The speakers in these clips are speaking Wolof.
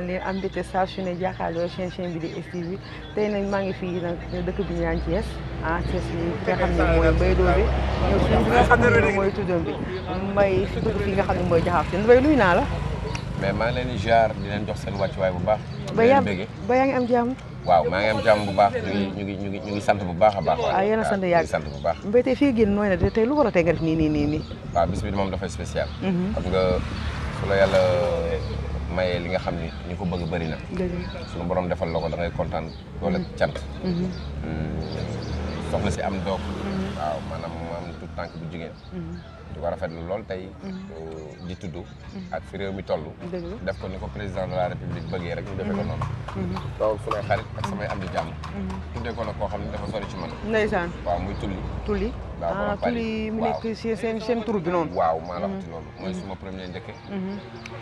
naa leen am mbégte saa su ne jàkkaarloo chaîne chaîne bi di STV bi tey nag maa ngi fii nag dëkk bi ñu naan Thiès ah Thiès bi nga xam ne mooy Mbaye Dobe ñëw si li nga bi nga xam ne mooy Jaxaaf seen Mbaye nuyu naa la. mais maa ngi leen di jaar di leen jox seen wàccuwaay bu baax. ba yaa ba yaa ngi am jàmm. waaw maa ngi am jàmm bu baax ñu ngi ñu ngi ñu ngi sant bu baax a baax. Ah, waaw yéen sant sant yàgg sant bu baax. Mbaye tey fii génn nooy na tey lu war a tey nga def nii nii nii nii. waaw bis bi moom dafay spécial. Mhm. xam maye li nga xam ni ñu ko bëgg bëri na. suñu borom defal la ko da kontaan loolu ak cant. Mhm. Hmm. si am doog. Mhm. waaw maanaam mu am tout tànk bu jigéen. Mhm. di rafet rafetlu lool tey. Mm-hmm. di tudd. Mm-hmm. ak fi réew mi toll. def ko ni ko président de la république bëggee rek ñu defee ko noonu. Mm-hmm. loolu su may xarit ak samay am di jàmm. tuddee ko nag koo xam ne dafa sori ci man. ndeysaan waaw muy tulli. tulli ah tulli mu nekk si seen waaw maa la wax ci loolu. mooy suma premier njëkke.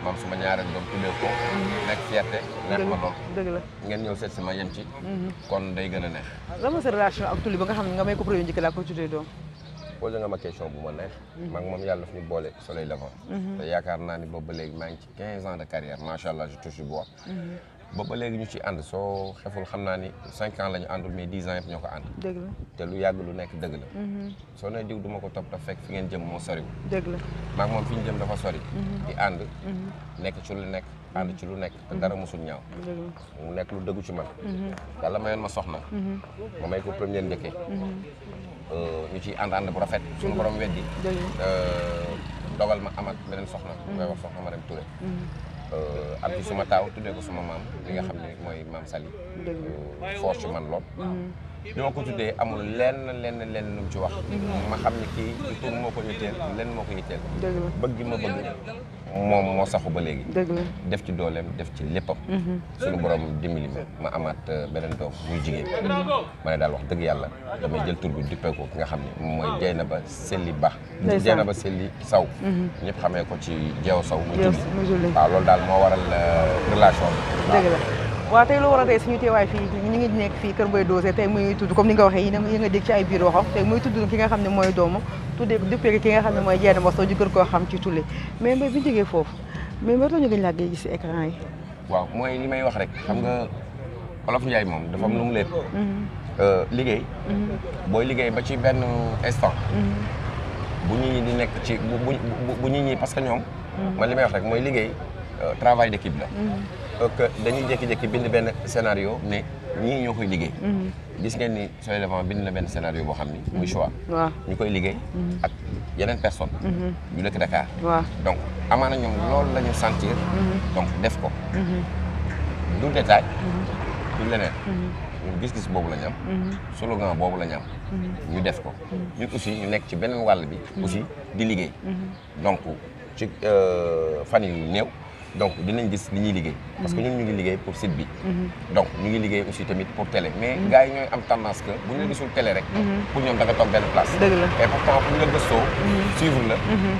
moom suma ñaareel doom tuddee ko. nekk fierté neex ma lool. dëgg la ngeen ñëw seet si ma yem ci. kon day gën a neex. lan ma sa relation ak tuddee doom. posé nga ma question bu ma neex. Mhm. maa ngi moom yàlla daf ñu boole soleil levant. Mhm. te yaakaar naa ni boobu ba léegi maa ngi ci quinze ans de carrière macha allah je touche du bois. Mhm. boobu léegi ñu ci ànd soo xeful xam naa ni 5 ans la àndul mais 10 ans yëpp ñoo ko ànd. te lu yàgg lu nekk dëgg la. soo nee diw duma ko topp daf fekk fi ngeen jëm moo soriwul. dëgg la maa ngi moom fi ñu jëm dafa sori. di ànd. nekk ci lu nekk. ànd ci lu nekk dara musul ñaaw nekk lu dëggu ci man yàlla ma soxna ma may ko première njëkkee ci ànd ànd bu rafet suñu borom weddi euh, dogal ma amat beneen soxna mooy mhm. wax soxna ma dem Touré mhm. euh, am ci suma taaw tuddee ko suma maam li nga xam ne mooy maam Sali euh, foor man lool bi mhm. ko tuddee amul lenn lenn lenn lu mu ci wax ma xam ne kii tur moo ko yitteel lenn moo ko yitteel bëgg ma bëgg moom moo saxu ba léegi. def ci dooleem def ci léppam. Mm-hmm. suñu borom dimbali ma ma amaat euh, beneen doom muy jigéen. ma ne daal wax dëgg yàlla damay jël tur bi duppee ko ki nga xam ne moom mooy Dieynaba Selli Ba. na Dieynaba Selli Saw. Mm-hmm. ñëpp xamee ko ci Jeew Saw. mu julli waaw lool daal moo waral euh, relation bi. waaw tey loo war a tey suñu teewaay fii ñu ngi nekk fii Kër Mbaye Dozé tey muy tudd comme ni nga waxee yi nga dégg ci ay biir waxam tey muy tudd ki nga xam ne mooy doomu tuddee duppee ki nga xam ne mooy Dieyna Mbosso ñu gën koo xam ci Tulle mais mbay waaw mooy li may wax rek xam nga Olof Njaay moom dafa am lu mu leen mhm. euh, liggéey mhm. booy liggéey ba ci benn instant mhm. bu nit ñi di nekk ci bu nit ñi parce que ñoom man li may wax rek mooy liggéey euh, travail d'équipe la que dañuy jékki-jékki bind benn scénario ne ñii ñoo koy liggéey. Mhm. gis ngeen ni Soleil Levant bind na benn scénario boo xam ni. muy mhm. choix. waaw ñu koy liggéey. Mhm. ak yeneen personne ñu dëkk Dakar. waaw donc amaana ñoom loolu la ñu donc def ko. du détail. du leneen. ñun gis-gis boobu la ñu am. slogan boobu la ñu ñu def ko. ñun aussi ñu nekk ci benn wàll bi. aussi di liggéey. donc ci euh, fan yu néew. donc dinañ gis ni ñuy liggéey. parce que ñun ñu ngi liggéey pour site bi. Mhm. donc ñu ngi liggéey aussi tamit pour télé mais gars yi ñooy am tendance que bu ñu la gisul télé rek. Mhm. pour ñoom da nga toog benn place. dëgg la et pourtant bu la gëstoo. Mhm. suivre la.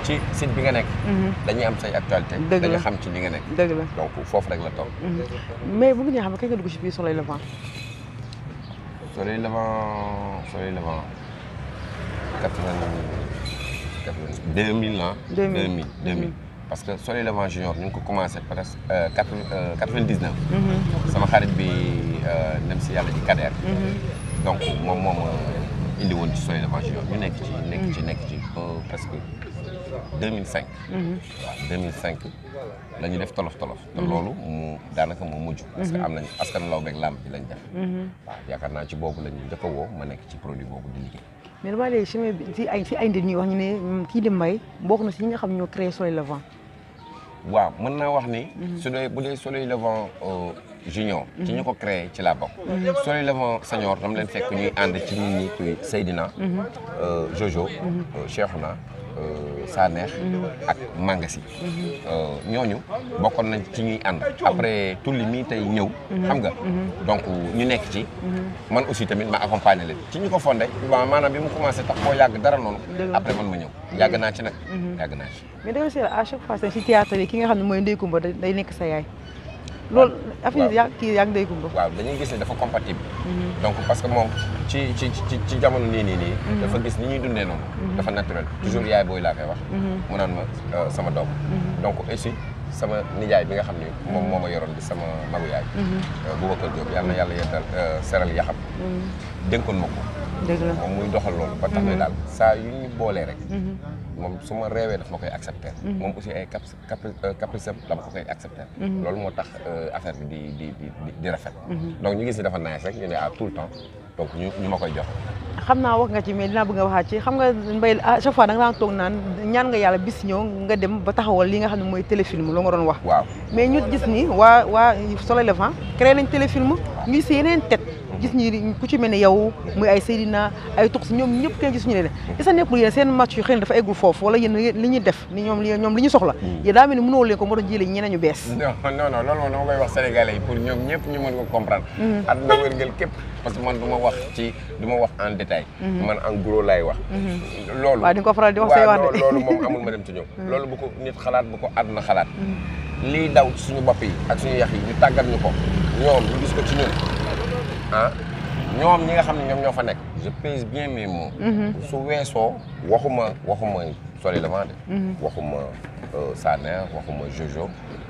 ci site bi nga nekk. dañuy am say actualité. dëgg la dañuy xam ci li nga nekk. dëgg la donc foofu rek la toll. mais bu ñu xam ne kañ nga dugg si biir soleil levant. soleil levant soleil levant quatre vingt quatre vingt deux mille ans. deux mille deux mille. parce que Soleil Levant Junior ñu ngi ko commencé presque euh, quatre euh, vingt dix mhm. sama xarit bi euh, dem si yàlla ci Kader. Mhm. donc moom moom indi woon ci Soleil Levant Junior ñu nekk ci nekk ci nekk ci presque deux mille cinq mhm. waaw deux la ñu def tolof tolof te loolu mu daanaka mu mujj parce que am nañ askan law beeg làmb bi lañ def waaw yaakaar naa ci boobu la ñu njëkk a woo ma nekk ci produit boobu di liggéey mais dama léegi si ay nit wax ñu ne kii di Mbaye bokk na si ñi nga xam ñoo créé Soleil waaw mën naa wax ni. Mhm. su dee bu dee Soleil Levant euh, junior. Mhm. ci ñu ko créé ci la bokk. Mhm. Soleil Levant senior dama leen fekk ñuy ànd ci nit ñi kuy Seydina. Euh, Jojo. Euh, Cheikhouna. Euh, Sanex ak Mangasi euh, ñooñu bokkoon nañ ci ñuy ànd après le mii tey ñëw xam nga donc ñu nekk ci man aussi tamit ma accompagner leen ci ñu ko fondé waaw maanaam bi mu commencé tax koo yàgg dara noonu après man ma ñëw yàgg naa ci nag mhm. yàgg naa ci mais danga à chaque fois ci théâtre ki nga xam ne mooy Ndeye Coumba day nekk sa yaay loolu affaire yaa kii yaa ngi day gumba waaw dañuy gis ne dafa compatible mhm. donc parce que moom ci ci ci ci jamono nii nii nii mhm. dafa gis ni ñuy dundee noonu mhm. dafa naturel toujours yaay booy laa koy wax mu naan ma euh, sama doom donc aussi sama nijaay bi nga xam ne moom moo ma yoroon bi sama magu yaay euh, Boubacar Diop yàlla na yàlla yeddal euh, seral yaxam dénkoon ma ko dëgg la moom muy doxal loolu. ba tax na daal mm-hmm. saa yu ñu boolee rek. Mm-hmm. moom su ma réewee daf ma koy accepter. Mm-hmm. moom aussi ay cap caprice euh, dama ko koy accepter. loolu moo tax euh, affaire bi di di di di rafet. donc ñu gis ni dafa nice rek ñu ne ah tout le temps donc ñu ñu ma koy jox. xam naa wax nga ci mais dinaa bëgg a waxaat ci xam nga mbay à chaque fois da nga daan toog naan ñaan nga yàlla bis ñëw nga dem ba taxawal li nga xam ne mooy téléfilm lu nga doon wax. waaw mais ñu gis ni waa waa Soleil Levant créé nañ téléfilm ñu si yeneen tet. gis ñi ku ci mel ni yow muy ay Seydina ay Tuxsi ñoom ñëpp kenn gis leen est-ce que nekkul yéen seen match yu xëy dafa eggul foofu wala yéen li ñuy def ni ñoom ñoom li ñu soxla hmm. yéen daa mel ni mënoo leen ko moo tax jëlee ñeneen ñu bees non non non loolu moom dama koy wax sénégalais pour ñoom ñëpp ñu mën ko comprendre hmm. àdduna wërngël képp parce que man du wax ci du wax en détail hmm. man en gros laay wax loolu waaw di nga ko faral di wax say wax de loolu moom amul ma dem ci ñoom loolu bu ko nit xalaat bu bopp yi ak suñu yax yi ñu tàggat ñu ko ñoom Ah, ñoom ñi nga xam ne ñoom ñoo fa nekk je pèse bien mes mots mhm. su weesoo waxuma waxuma Soleil Levant de mhm. waxuma euh, Saner waxuma Jojo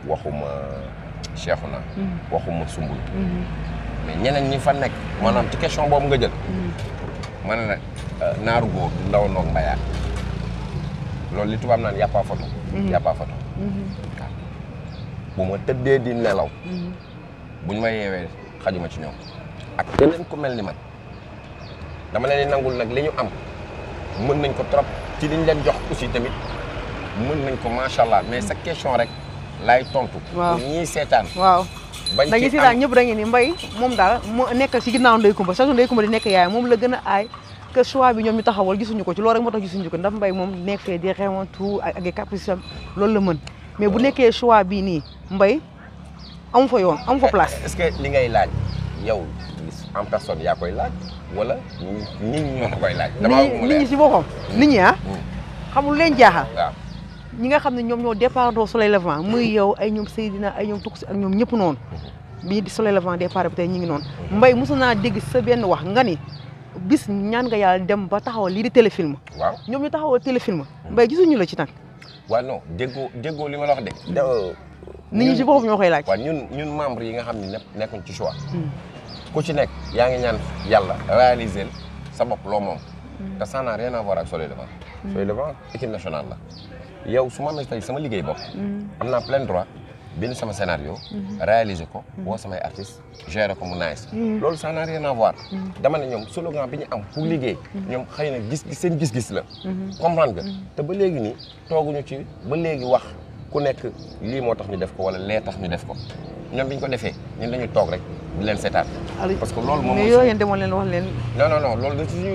waxuma Cheikhouna mhm. waxuma Sumbul mais ñeneen ñi fa nekk maanaam ci question boobu nga jël ma ne nag euh, naaru góor du ndaw noog mbayaa loolu li tubaab naan yàppaa photo yàppaa photo ah. bu ma tëddee di nelaw buñ ma yeewee xajuma ci ñoom ak keneen ko mel ni man dama leen di nangul nag lañu am mën nañ ko trop ci liñ leen jox aussi tamit mën nañ ko macha allah mais sa question rek laay tontu. waaw ñii seetaan. waaw bañ ci am ñëpp dañu ni mbay moom daal mu nekk ci ginnaaw Ndeye Coumba saison Ndeye Coumba di nekk yaay moom la gën a aay. que choix bi ñoom ñu taxawal gisuñu ko ci loolu rek moo tax gisuñu ko ndax mbay moom nekk fee di xewoon tout ak ay caprice loolu la mën mais bu nekkee choix bii nii mbay amu fa yoon amu fa eh, place. li ngay laaj yow en personne yaa koy laaj wala nit ñi ñoo koy laaj. damaa nit ñi si boppam. nit ñi ah. Hmm. xamul leen jaaxal. ñi nga xam ne ñoom ñoo départ doo soleil levant muy hmm. yow ay ñoom Seydina ay ñoom Tuxi ak ñoom ñëpp noonu. Hmm. bi di soleil levant départ bi ñu ngi noonu. mbay mosu naa sa benn wax nga ni. bis ñaan nga yàlla dem ba taxawal lii di téléfilm. waaw ñoom ñu taxawal téléfilm. mbay gisuñu la ci tànk. waaw non déggoo li ma la wax de. nit ñi si boppam ñoo koy laaj. ñun membre yi nga xam ne nekkuñ ci choix. ku ci nekk yaa ngi ñaan yàlla réaliser sa bopp loo moom. Mm. te ça n'a rien à voir ak Soleil-Levant. Mm. équipe nationale la. yow su ma amee tey sama liggéey bopp. Mm. am naa plein droit bind sama scénario. Mm-hmm. réaliser ko woo samay artistes gérer ko mu nice. loolu ça n'a rien à voir. dama ne ñoom slogan bi ñu am pour liggéey. ñoom xëy na gis seen gis-gis la. Mm-hmm. comprendre nga mm-hmm. te ba léegi nii tooguñu ci ba léegi wax. ku nekk lii moo tax ñu def ko wala lee tax ñu def ko ñoom bi ñu ko defee ñun dañu toog rek di leen seetaan. parce que loolu moom mais yooyu demoon leen wax leen. non non non loolu da suñu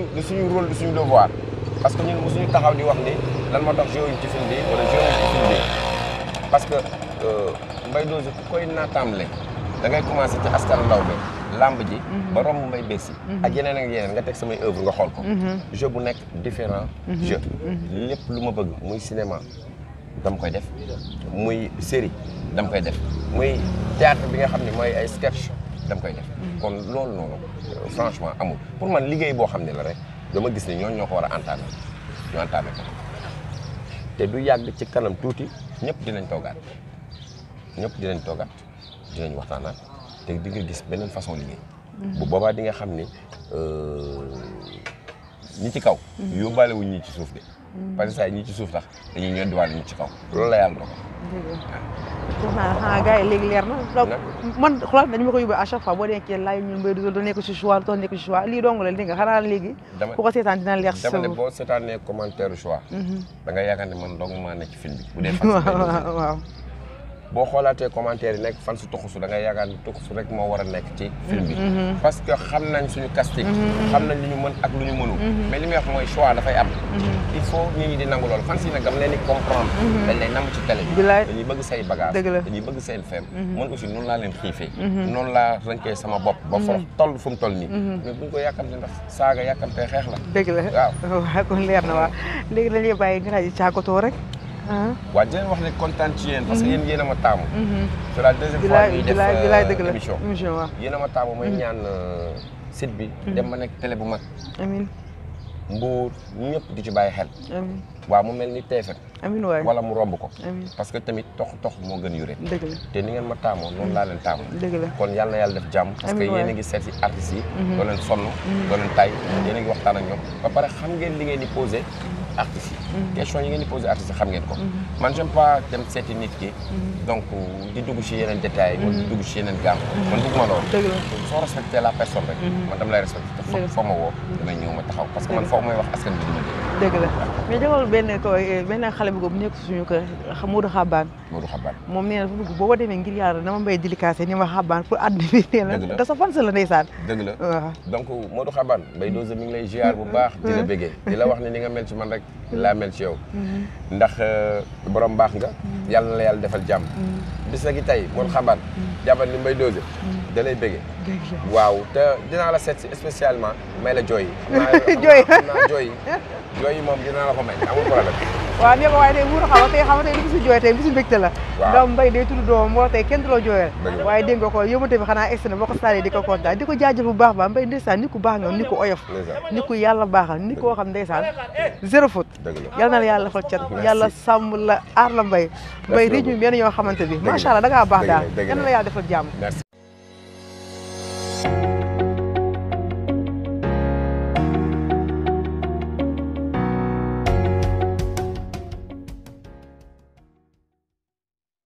que ñun mosuñu taxaw di wax ni lan moo tax joué ci film bi parce que euh, Mbaye Dose ku koy naataamle da ngay commencé ci askan ndaw bi làmb ji. Mhm. ba romb mbay bees yi. Mhm. ak yeneen ak yeneen nga teg samay œuvre nga xool ko. Mhm. jeu bu nekk différent jeu lépp lu ma bëgg muy cinéma. dama koy def muy série dama koy def muy théâtre bi nga xam ne mooy ay sketch dama koy def mm. kon loolu noonu franchement amul pour man liggéey boo xam ne la rek dama gis ne ñooñu ñoo ko war a entamé ñu entamé ko te du yàgg ci kanam tuuti ñëpp dinañ toogaat ñëpp dinañ toogaat dinañ waxtaanaat te di nga gis beneen façon liggéey mm. bu boobaa di nga xam ne euh, ñi ci kaw mm. yóbbaale wuñ ñi ci suuf de Mm. parce que saa ñi ci suuf sax dañuy ñëw diwaan ñu ci kaw loolu la yàlla dogal. dëgg la xanaa ah, gars yi léegi leer na. donc man xoolal dañu ma ko yóbbu à chaque fois boo nekkee laaj ñun mbay du nekk ci choix du nekk ci choix xanaa léegi. dama ku ko seetaan dina leer sa. dama ne boo seetaanee commentaire choix. Mhm. da nga yaakaar ne man dong bu dee fan boo xoolaatee commentaire yi nekk fan su tuxusu da ngay yaakaar ni tuxusu rek moo war a nekk ci film bi mhm, mhm. parce que xam nañ suñu casting xam nañ lu ñu mën ak lu ñu mënul mais li muy mooy choix dafay am il faut nit ñi di nangu loolu fan si nag dama leen di comprendre mhm. dañ lay nangu ci télé bi dañuy bëgg say bagage dañuy bëgg say feem mhm. man aussi noonu mhm. la la waaw kon leer na waaw léegi dañuy bàyyi nga rajo càkkatoo rek ah. waaw di leen wax ne a ma taamu la deuxième fois ñuy def euh, émission a ma euh, bi dem ma nekk télé bu ma amiin mbuur ñëpp di ci bàyyi xel. amiin waaw mu mel ni TFM. amiin waay wala mu romb ko. parce que tamit tox tox moo gën yure. dëgg la te ni ngeen ma taamoo noonu laa leen taamoo. dëgg la kon yàlla na yàlla def jàmm. parce que yéen a ngi seet si artistes yi. Mhm. doo sonn doo leen tay mhm. a ngi waxtaan ak ñoom ba pare xam ngeen li ngeen di posé. artistes yi. Mhm. question yi ngeen di posé artistes yi xam ngeen ko. Mhm. man seeti nit ki. Mhm. donc di dugg ci yeneen détails. wala di dugg ci yeneen gamme. man bëgguma loolu. la soo respecté la personne rek. man dama lay respecté te foo ma woo. damay ñëw ma taxaw parce que wax askan dëgg la mais demal benn ko benn xale bu góor bu nekk suñu kër Modou Xabaan Modou Xabaan moom nee na fa bëgg booba demee ngir yàlla dama mbéy délicaté ni ma Xabaan pour àdduna bi nee na da sa fan sa la ndeysaan dëgg la waaw baan Modou Xabaan Mbaye Dose mi ngi lay ziar bu baax di la béggee wax ne ni mel ci man rek Mmh. laa mel ci yow. Mmh. ndax euh, borom baax nga. Mmh. yàlla na la yàlla defal jàmm. bis na ki tey moon xabaar. jàppal ni mbay dose. da lay waaw te dinaa la seet si spécialement may la jooy. jooy xam moom dinaa la ko may amul waaw nee ko waaye tey wuur xaw tey xam tey bisu jooy tey bisu mbégte la bay de day tudd doom moo tey kenn du la jooyal waaye dégg nga ko yóbbante bi xanaa externe boo ko saaree di ko kontaan di ko jaajëf bu baax baax bay ndeysaan nit ku baax nga nit ku oyof nit ku yàlla baaxal nit koo xam ndeysaan zéro faute yàlla na la yàlla fal cat yàlla sàmm la aar la mbay mbay réj mi benn ñoo xamante bi macha allah da baax daal yàlla na la yàlla defal jàmm